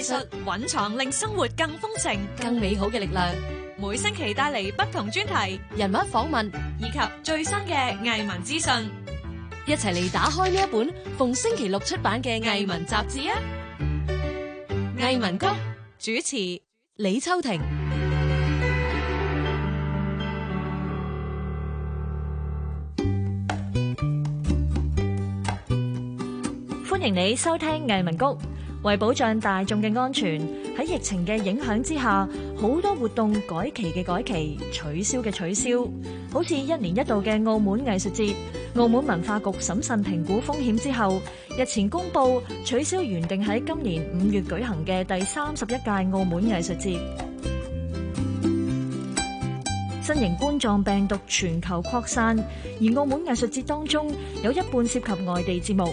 藝術蘊藏令生活更豐盛、更美好嘅力量。每星期帶嚟不同專題、人物訪問以及最新嘅藝文資訊，一齊嚟打開呢一本逢星期六出版嘅藝文雜誌啊！藝文谷主持李秋婷，歡迎你收聽藝文谷。。為保障大眾嘅安全，喺疫情嘅影響之下，好多活動改期嘅改期，取消嘅取消。好似一年一度嘅澳門藝術節，澳門文化局審慎評估風險之後，日前公布取消原定喺今年五月舉行嘅第三十一屆澳門藝術節。新型冠狀病毒全球擴散，而澳門藝術節當中有一半涉及外地節目。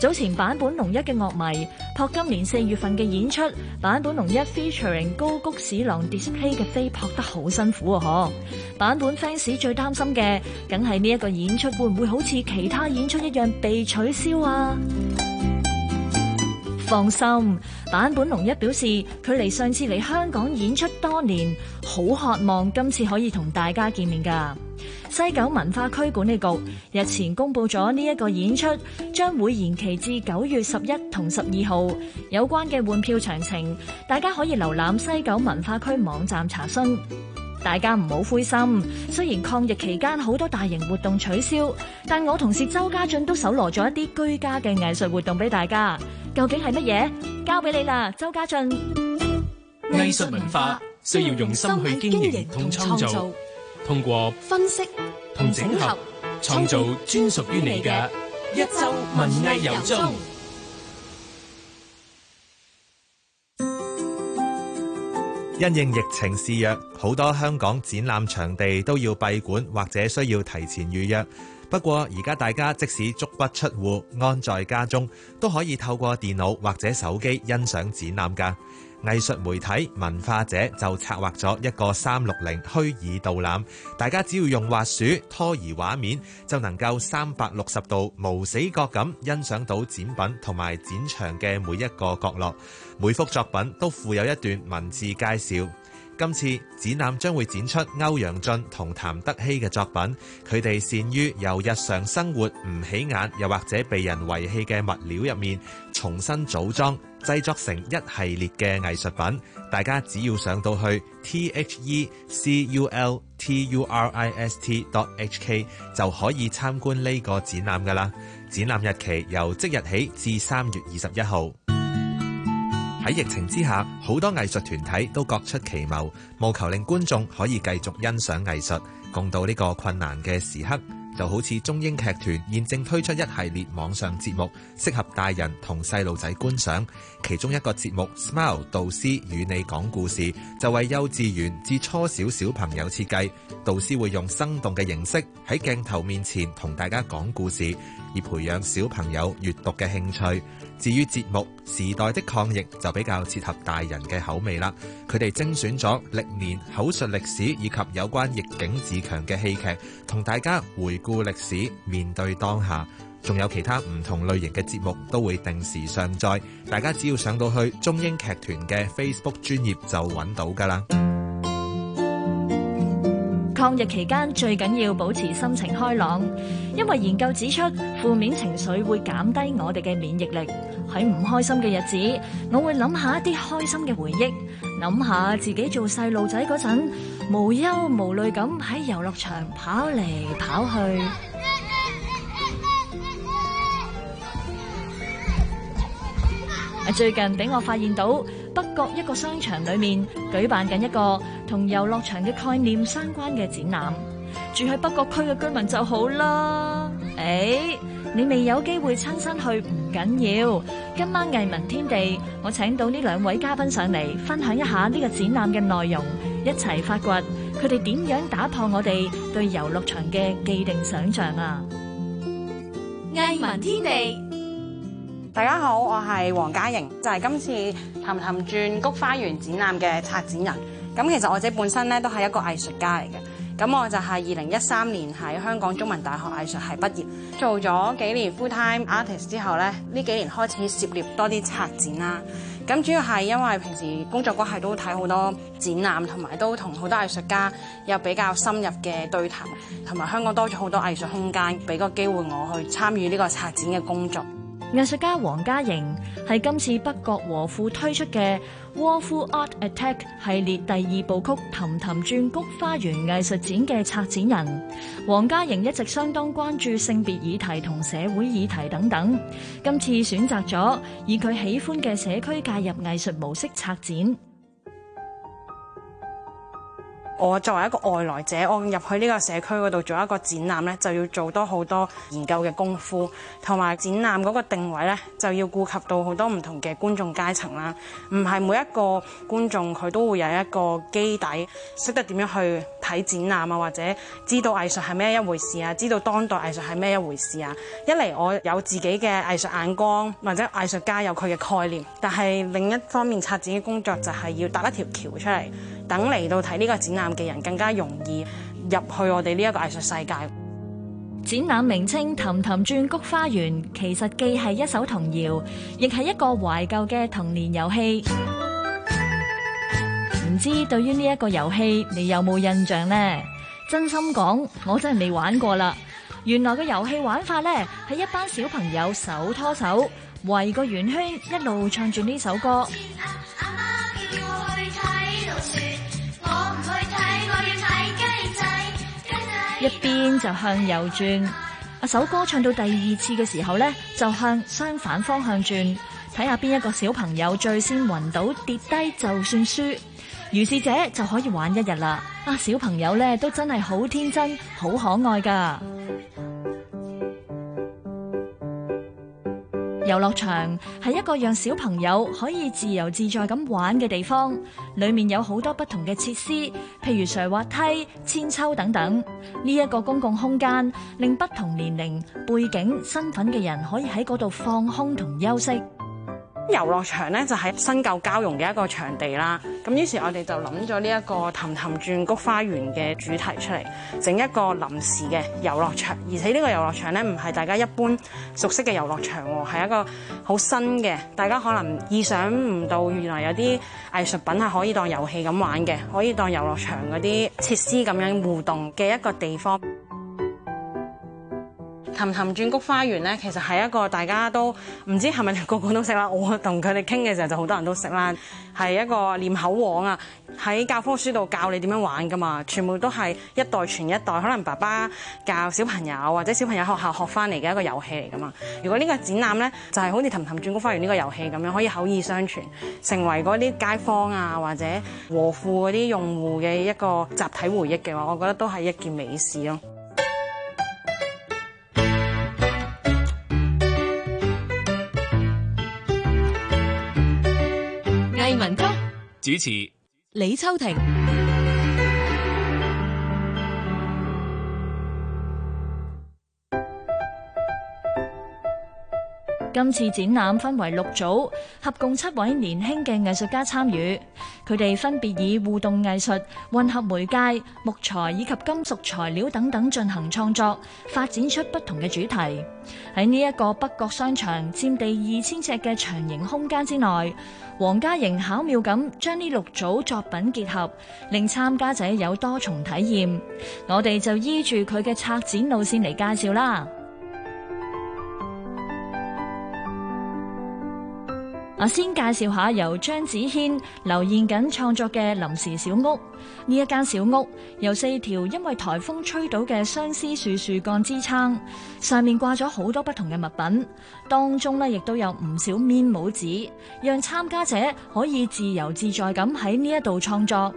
早前版本龍一嘅樂迷撲今年四月份嘅演出，版本龍一 featuring 高谷史郎 display 嘅飛撲得好辛苦嗬，版本 fans 最擔心嘅，梗係呢一個演出會唔會好似其他演出一樣被取消啊？放心，版本龍一表示，距離上次嚟香港演出多年，好渴望今次可以同大家見面噶。西九文化區管理局日前公布咗呢一個演出將會延期至九月十一同十二號，有關嘅換票詳情大家可以瀏覽西九文化區網站查詢。大家唔好灰心，雖然抗疫期間好多大型活動取消，但我同事周家俊都搜羅咗一啲居家嘅藝術活動俾大家。究竟係乜嘢？交俾你啦，周家俊。藝術文化需要用心去經營同創造。通過分析同整合，創造專屬於你嘅一周文藝遊蹤。因應疫情肆虐，好多香港展覽場地都要閉館或者需要提前預約。不過，而家大家即使足不出戶，安在家中，都可以透過電腦或者手機欣賞展覽㗎。藝術媒體文化者就策劃咗一個三六零虛擬導覽，大家只要用滑鼠拖移畫面，就能夠三百六十度無死角咁欣賞到展品同埋展場嘅每一個角落。每幅作品都附有一段文字介紹。今次展覽將會展出歐陽俊同譚德希嘅作品，佢哋擅於由日常生活唔起眼又或者被人遺棄嘅物料入面重新組裝。製作成一系列嘅藝術品，大家只要上到去 t, t h e c u l t u r i s t dot h k 就可以參觀呢個展覽噶啦。展覽日期由即日起至三月二十一號。喺疫情之下，好多藝術團體都各出奇謀，務求令觀眾可以繼續欣賞藝術，共度呢個困難嘅時刻。就好似中英劇團現正推出一系列網上節目，適合大人同細路仔觀賞。其中一個節目《Smile 導師與你講故事》，就為幼稚園至初小小朋友設計。導師會用生動嘅形式喺鏡頭面前同大家講故事，以培養小朋友閱讀嘅興趣。至於節目《時代的抗逆抗疫》，就比較切合大人嘅口味啦。佢哋精選咗歷年口述歷史以及有關逆境自強嘅戲劇，同大家回顧歷史，面對當下，仲有其他唔同類型嘅節目都會定時上載。大家只要上到去中英劇團嘅 Facebook 專頁就揾到噶啦。抗疫期間最緊要保持心情開朗，因為研究指出負面情緒會減低我哋嘅免疫力。喺唔開心嘅日子，我會諗下一啲開心嘅回憶。諗下自己做細路仔嗰陣，無憂無慮咁喺遊樂場跑嚟跑去。最近俾我發現到北角一個商場裏面舉辦緊一個同遊樂場嘅概念相關嘅展覽，住喺北角區嘅居民就好啦。誒！你未有機會親身去唔緊要，今晚藝文天地我請到呢兩位嘉賓上嚟，分享一下呢個展覽嘅內容，一齊發掘佢哋點樣打破我哋對遊樂場嘅既定想像啊！藝文天地，大家好，我係黃嘉瀛，就係今次《氹氹轉菊花園》展覽嘅策展人。咁其實我自己本身咧都係一個藝術家嚟嘅。咁我就係二零一三年喺香港中文大學藝術系畢業，做咗幾年 full time artist 之後咧，呢幾年開始涉獵多啲策展啦。咁主要係因為平時工作關係都睇好多展覽，同埋都同好多藝術家有比較深入嘅對談，同埋香港多咗好多藝術空間，俾個機會我去參與呢個策展嘅工作。藝術家黃嘉瀛係今次北角和富推出嘅和富 Art Attack 系列第二部曲《氹氹轉菊花園藝術展》嘅策展人。黃嘉瀛一直相當關注性別議題同社會議題等等，今次選擇咗以佢喜歡嘅社區介入藝術模式策展。我作為一個外來者，我入去呢個社區嗰度做一個展覽呢，就要做多好多研究嘅功夫，同埋展覽嗰個定位呢，就要顧及到好多唔同嘅觀眾階層啦。唔係每一個觀眾佢都會有一個基底，識得點樣去睇展覽啊，或者知道藝術係咩一回事啊，知道當代藝術係咩一回事啊。一嚟我有自己嘅藝術眼光，或者藝術家有佢嘅概念，但係另一方面策展嘅工作就係要搭一條橋出嚟。等嚟到睇呢個展覽嘅人更加容易入去我哋呢一個藝術世界。展覽名稱《氹氹轉菊花園》，其實既係一首童謠，亦係一個懷舊嘅童年遊戲。唔知對於呢一個遊戲，你有冇印象呢？真心講，我真係未玩過啦。原來個遊戲玩法呢，係一班小朋友手拖手圍個圓圈，一路唱住呢首歌。我唔去睇，我要睇雞仔、雞仔，一邊就向右轉，啊蛋，首歌唱到第二次嘅時候呢，就向相反方向轉，睇下邊一個小朋友最先暈倒跌低就算輸，如是者就可以玩一日啦。啊，小朋友咧都真係好天真，好可愛噶。遊樂場係一個讓小朋友可以自由自在咁玩嘅地方，裏面有好多不同嘅設施，譬如瀡滑梯、韆鞦等等。呢、這、一個公共空間，令不同年齡、背景、身份嘅人可以喺嗰度放空同休息。遊樂場咧就係新舊交融嘅一個場地啦。咁於是我哋就諗咗呢一個氹氹轉菊花園嘅主題出嚟，整一個臨時嘅遊樂場。而且呢個遊樂場咧唔係大家一般熟悉嘅遊樂場，係一個好新嘅，大家可能意想唔到，原來有啲藝術品係可以當遊戲咁玩嘅，可以當遊樂場嗰啲設施咁樣互動嘅一個地方。氹氹轉菊花園咧，其實係一個大家都唔知係咪個個都識啦。我同佢哋傾嘅時候，就好多人都識啦。係一個念口黃啊，喺教科書度教你點樣玩噶嘛，全部都係一代傳一代。可能爸爸教小朋友，或者小朋友學校學翻嚟嘅一個遊戲嚟噶嘛。如果呢個展覽咧，就係好似氹氹轉菊花園呢個遊戲咁樣，可以口耳相傳，成為嗰啲街坊啊或者和富嗰啲用戶嘅一個集體回憶嘅話，我覺得都係一件美事咯。主持李秋婷。今次展覽分為六組，合共七位年輕嘅藝術家參與。佢哋分別以互動藝術、混合媒介、木材以及金屬材料等等進行創作，發展出不同嘅主題。喺呢一個北角商場佔地二千尺嘅長形空間之內，黃嘉瀛巧妙咁將呢六組作品結合，令參加者有多重體驗。我哋就依住佢嘅策展路線嚟介紹啦。先介紹一下由張子軒劉燕瑾創作嘅臨時小屋。呢一間小屋由四條因為颱風吹倒嘅相思樹樹幹支撐，上面掛咗好多不同嘅物品，當中呢亦都有唔少面帽子，讓參加者可以自由自在咁喺呢一度創作。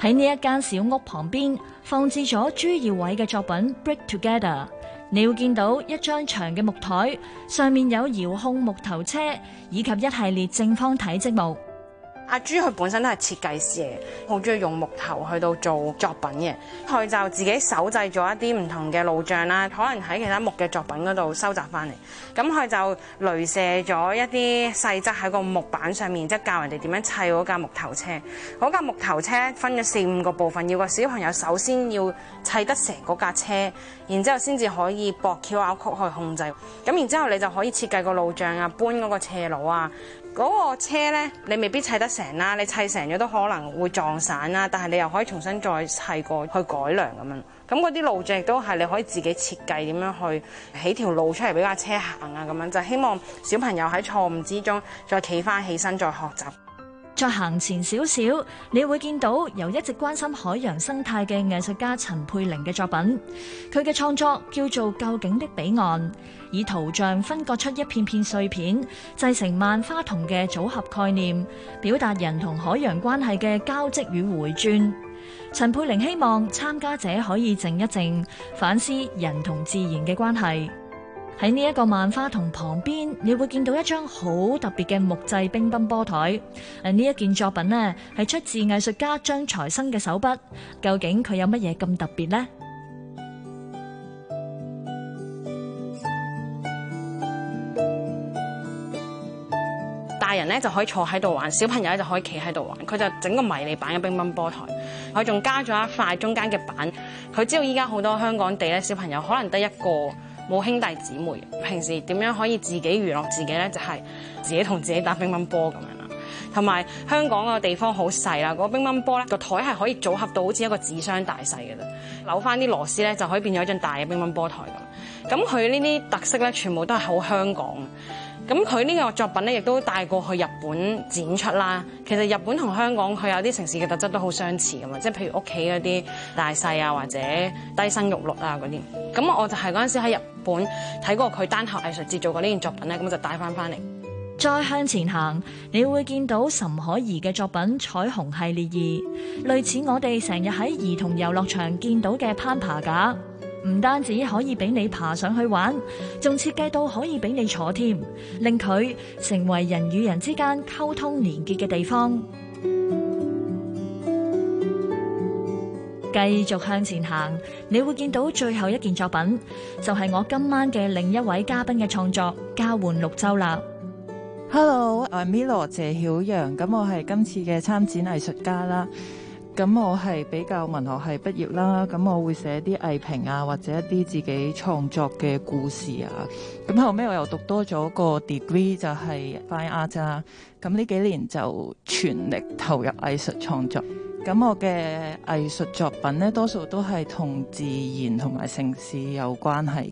喺呢一間小屋旁邊放置咗朱耀偉嘅作品《Break Together》。你會見到一張長嘅木台，上面有遙控木頭車以及一系列正方體積木。阿朱佢本身都係設計師嘅，好中意用木頭去到做作品嘅。佢就自己手製咗一啲唔同嘅路障啦，可能喺其他木嘅作品嗰度收集翻嚟。咁佢就鐳射咗一啲細則喺個木板上面，即係教人哋點樣砌嗰架木頭車。嗰架木頭車分咗四五個部分，要個小朋友首先要砌得成嗰架車，然之後先至可以駁橋啊、拗曲去控制。咁然之後你就可以設計個路障啊、搬嗰個斜路啊。嗰個車咧，你未必砌得。成啦，你砌成咗都可能會撞散啦，但係你又可以重新再砌過，去改良咁樣。咁嗰啲路障亦都係你可以自己設計點樣去起條路出嚟俾架車行啊，咁樣就希望小朋友喺錯誤之中再企翻起身，再學習。再行前少少，你會見到由一直關心海洋生態嘅藝術家陳佩玲嘅作品。佢嘅創作叫做《究竟的彼岸》，以圖像分割出一片片碎片，製成萬花筒嘅組合概念，表達人同海洋關係嘅交織與回轉。陳佩玲希望參加者可以靜一靜，反思人同自然嘅關係。喺呢一個萬花筒旁邊，你會見到一張好特別嘅木製乒乓波台。誒，呢一件作品呢，係出自藝術家張財生嘅手筆。究竟佢有乜嘢咁特別呢？大人咧就可以坐喺度玩，小朋友咧就可以企喺度玩。佢就整個迷你版嘅乒乓波台，佢仲加咗一塊中間嘅板。佢知道依家好多香港地咧，小朋友可能得一個。冇兄弟姊妹，平時點樣可以自己娛樂自己呢？就係自己同自己打乒乓波咁樣啦。同埋香港個地方好細啦，個乒乓波呢個台係可以組合到好似一個紙箱大細嘅啫。扭翻啲螺絲呢，就可以變咗一張大嘅乒乓波台咁。咁佢呢啲特色呢，全部都係好香港。咁佢呢個作品咧，亦都帶過去日本展出啦。其實日本同香港佢有啲城市嘅特質都好相似嘅嘛，即係譬如屋企嗰啲大細啊，或者低生育率啊嗰啲。咁我就係嗰陣時喺日本睇過佢單靠藝術節做過呢件作品咧，咁就帶翻翻嚟。再向前行，你會見到岑海怡嘅作品《彩虹系列二》，類似我哋成日喺兒童遊樂場見到嘅攀爬架。唔單止可以俾你爬上去玩，仲設計到可以俾你坐添，令佢成為人與人之間溝通連結嘅地方。繼 續向前行，你會見到最後一件作品，就係、是、我今晚嘅另一位嘉賓嘅創作《交換綠洲》啦。Hello，我係 Milo 謝曉陽，咁我係今次嘅參展藝術家啦。咁我係比較文學系畢業啦，咁我會寫啲藝評啊，或者一啲自己創作嘅故事啊。咁後尾我又讀多咗個 degree 就係 fine art 啦、啊。咁呢幾年就全力投入藝術創作。咁我嘅藝術作品咧，多數都係同自然同埋城市有關係。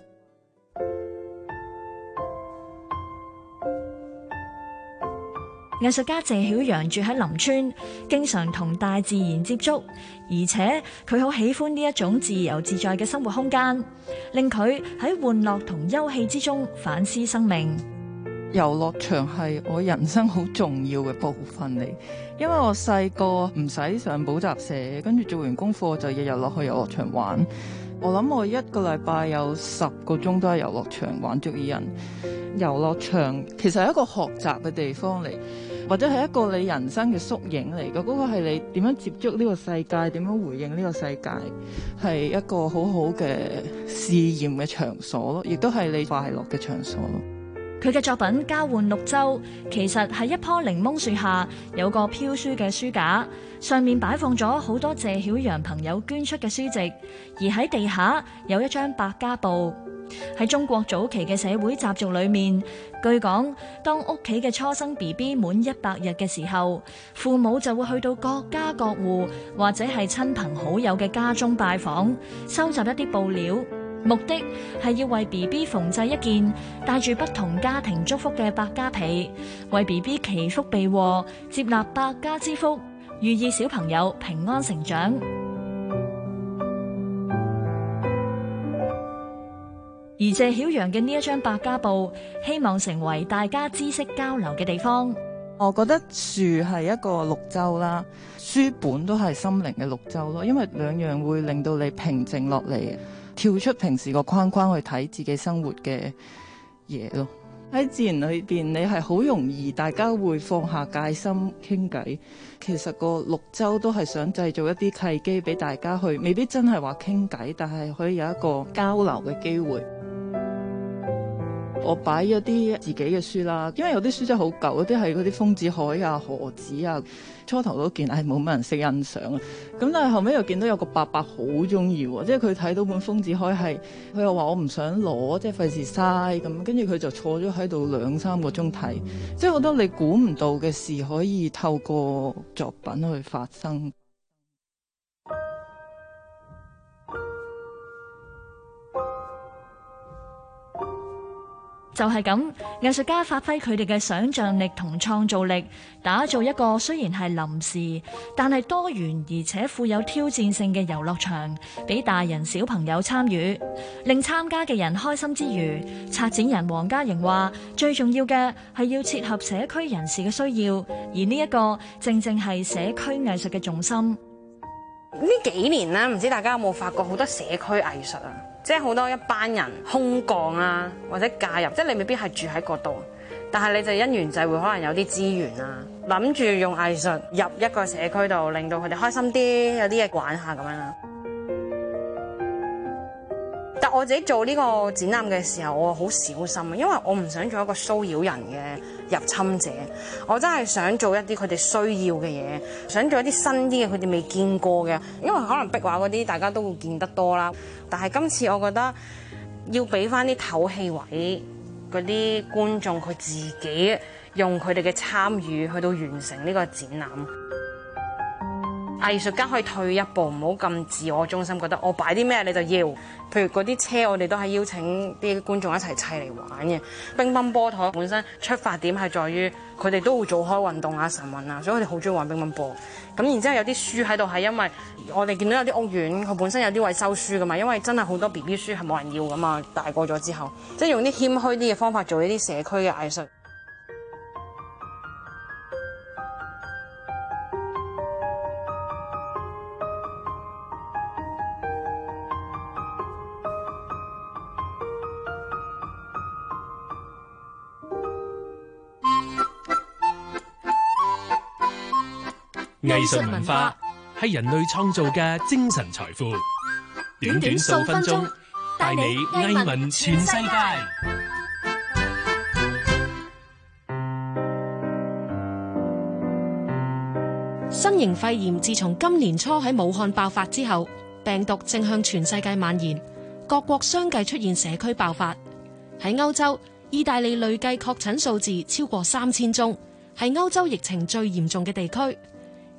藝術家謝曉陽住喺林村，經常同大自然接觸，而且佢好喜歡呢一種自由自在嘅生活空間，令佢喺玩樂同休憩之中反思生命。遊樂場係我人生好重要嘅部分嚟，因為我細個唔使上補習社，跟住做完功課就日日落去遊樂場玩。我諗我一個禮拜有十個鐘都喺遊樂場玩捉伊人。遊樂場其實係一個學習嘅地方嚟。或者係一個你人生嘅縮影嚟嘅，嗰個係你點樣接觸呢個世界，點樣回應呢個世界，係一個好好嘅試驗嘅場所咯，亦都係你快樂嘅場所咯。佢嘅作品《交換綠洲》，其實係一棵檸檬樹下有個飄書嘅書架，上面擺放咗好多謝曉陽朋友捐出嘅書籍，而喺地下有一張百家布。喺中國早期嘅社會習俗裏面，據講，當屋企嘅初生 BB 滿一百日嘅時候，父母就會去到各家各戶或者係親朋好友嘅家中拜訪，收集一啲布料，目的係要為 BB 縫製一件帶住不同家庭祝福嘅百家被，為 BB 祈福避禍，接納百家之福，寓意小朋友平安成長。而謝曉陽嘅呢一張百家報，希望成為大家知識交流嘅地方。我覺得樹係一個綠洲啦，書本都係心靈嘅綠洲咯。因為兩樣會令到你平靜落嚟，跳出平時個框框去睇自己生活嘅嘢咯。喺自然裏邊，你係好容易，大家會放下戒心傾偈。其實個綠洲都係想製造一啲契機俾大家去，未必真係話傾偈，但係可以有一個交流嘅機會。我擺咗啲自己嘅書啦，因為有啲書真係好舊，嗰啲係嗰啲豐子海啊、何子啊，初頭都見係冇乜人識欣賞啊，咁但係後尾又見到有個伯伯好中意喎，即係佢睇到本豐子海係，佢又話我唔想攞，即係費事嘥咁，跟住佢就坐咗喺度兩三個鐘睇，即係好多你估唔到嘅事可以透過作品去發生。就係咁，藝術家發揮佢哋嘅想象力同創造力，打造一個雖然係臨時，但係多元而且富有挑戰性嘅遊樂場，俾大人小朋友參與，令參加嘅人開心之餘，策展人黃嘉瀛話，最重要嘅係要切合社區人士嘅需要，而呢一個正正係社區藝術嘅重心。呢幾年啊，唔知大家有冇發覺好多社區藝術啊？即係好多一班人空降啊，或者介入，即係你未必係住喺嗰度，但係你就因緣際會可能有啲資源啊，諗住用藝術入一個社區度，令到佢哋開心啲，有啲嘢玩下咁樣啦。但我自己做呢個展覽嘅時候，我好小心，因為我唔想做一個騷擾人嘅入侵者。我真係想做一啲佢哋需要嘅嘢，想做一啲新啲嘅佢哋未見過嘅，因為可能壁畫嗰啲大家都會見得多啦。但係今次我覺得要俾翻啲透氣位，嗰啲觀眾佢自己用佢哋嘅參與去到完成呢個展覽。藝術家可以退一步，唔好咁自我，我中心，覺得我擺啲咩你就要。譬如嗰啲車，我哋都係邀請啲觀眾一齊砌嚟玩嘅。乒乓波台本身出發點係在於佢哋都會做開運動啊、晨運啊，所以佢哋好中意玩乒乓波。咁然之後有啲書喺度係因為我哋見到有啲屋苑佢本身有啲位收書噶嘛，因為真係好多 BB 書係冇人要噶嘛。大個咗之後，即係用啲謙虛啲嘅方法做呢啲社區嘅藝術。藝術文化係人類創造嘅精神財富。短短數分鐘帶你藝文全世界。新型肺炎自從今年初喺武漢爆發之後，病毒正向全世界蔓延，各國相繼出現社區爆發。喺歐洲，意大利累計確診數字超過三千宗，係歐洲疫情最嚴重嘅地區。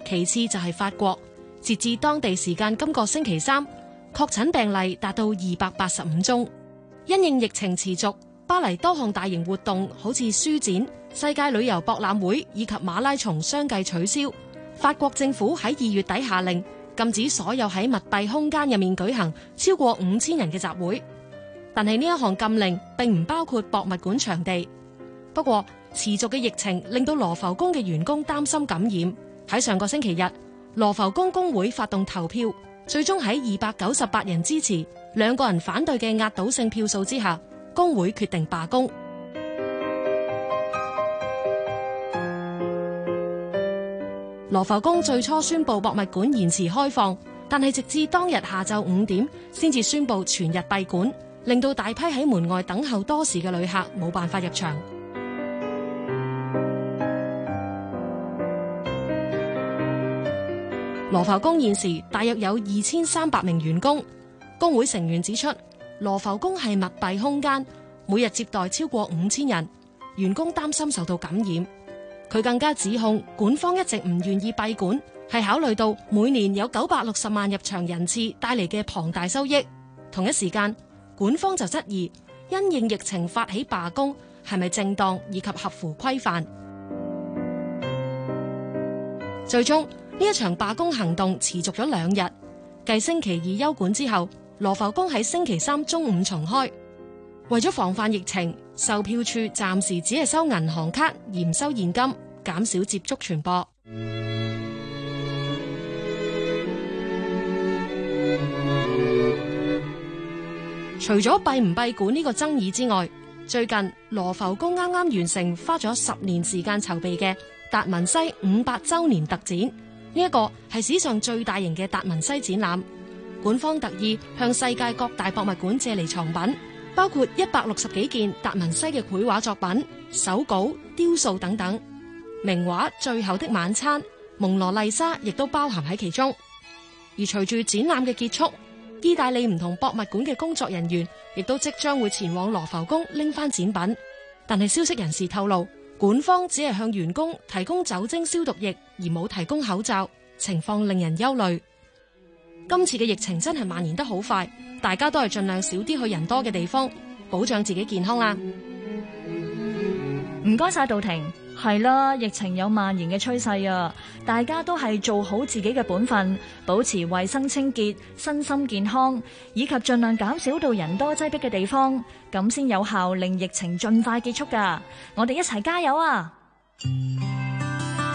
其次就係法國，截至當地時間今個星期三，確診病例達到二百八十五宗。因應疫情持續，巴黎多項大型活動，好似書展、世界旅遊博覽會以及馬拉松，相繼取消。法國政府喺二月底下令禁止所有喺密閉空間入面舉行超過五千人嘅集會，但係呢一項禁令並唔包括博物館場地。不過，持續嘅疫情令到羅浮宮嘅員工擔心感染。喺上個星期日，羅浮宮工會發動投票，最終喺二百九十八人支持、兩個人反對嘅壓倒性票數之下，工會決定罷工。羅浮宮最初宣布博物館延遲開放，但係直至當日下晝五點，先至宣布全日閉館，令到大批喺門外等候多時嘅旅客冇辦法入場。羅浮宮現時大約有二千三百名員工，工會成員指出，羅浮宮係密閉空間，每日接待超過五千人，員工擔心受到感染。佢更加指控，管方一直唔願意閉館，係考慮到每年有九百六十萬入場人次帶嚟嘅龐大收益。同一時間，管方就質疑，因應疫情發起罷工係咪正當以及合乎規範？最終，呢一場罷工行動持續咗兩日，繼星期二休館之後，羅浮宮喺星期三中午重開。為咗防範疫情，售票處暫時只係收銀行卡，而唔收現金，減少接觸傳播。除咗閉唔閉館呢個爭議之外，最近羅浮宮啱啱完成花咗十年時間籌備嘅達文西五百周年特展。呢一個係史上最大型嘅達文西展覽，館方特意向世界各大博物館借嚟藏品，包括一百六十幾件達文西嘅繪畫作品、手稿、雕塑等等。名畫《最後的晚餐》、《蒙羅麗莎》亦都包含喺其中。而隨住展覽嘅結束，意大利唔同博物館嘅工作人員亦都即將會前往羅浮宮拎翻展品。但係消息人士透露，館方只係向員工提供酒精消毒液。而冇提供口罩，情況令人憂慮。今次嘅疫情真係蔓延得好快，大家都係盡量少啲去人多嘅地方，保障自己健康啦。唔該晒杜婷，係啦，疫情有蔓延嘅趨勢啊，大家都係做好自己嘅本分，保持衛生清潔、身心健康，以及盡量減少到人多擠逼嘅地方，咁先有效令疫情盡快結束㗎。我哋一齊加油啊！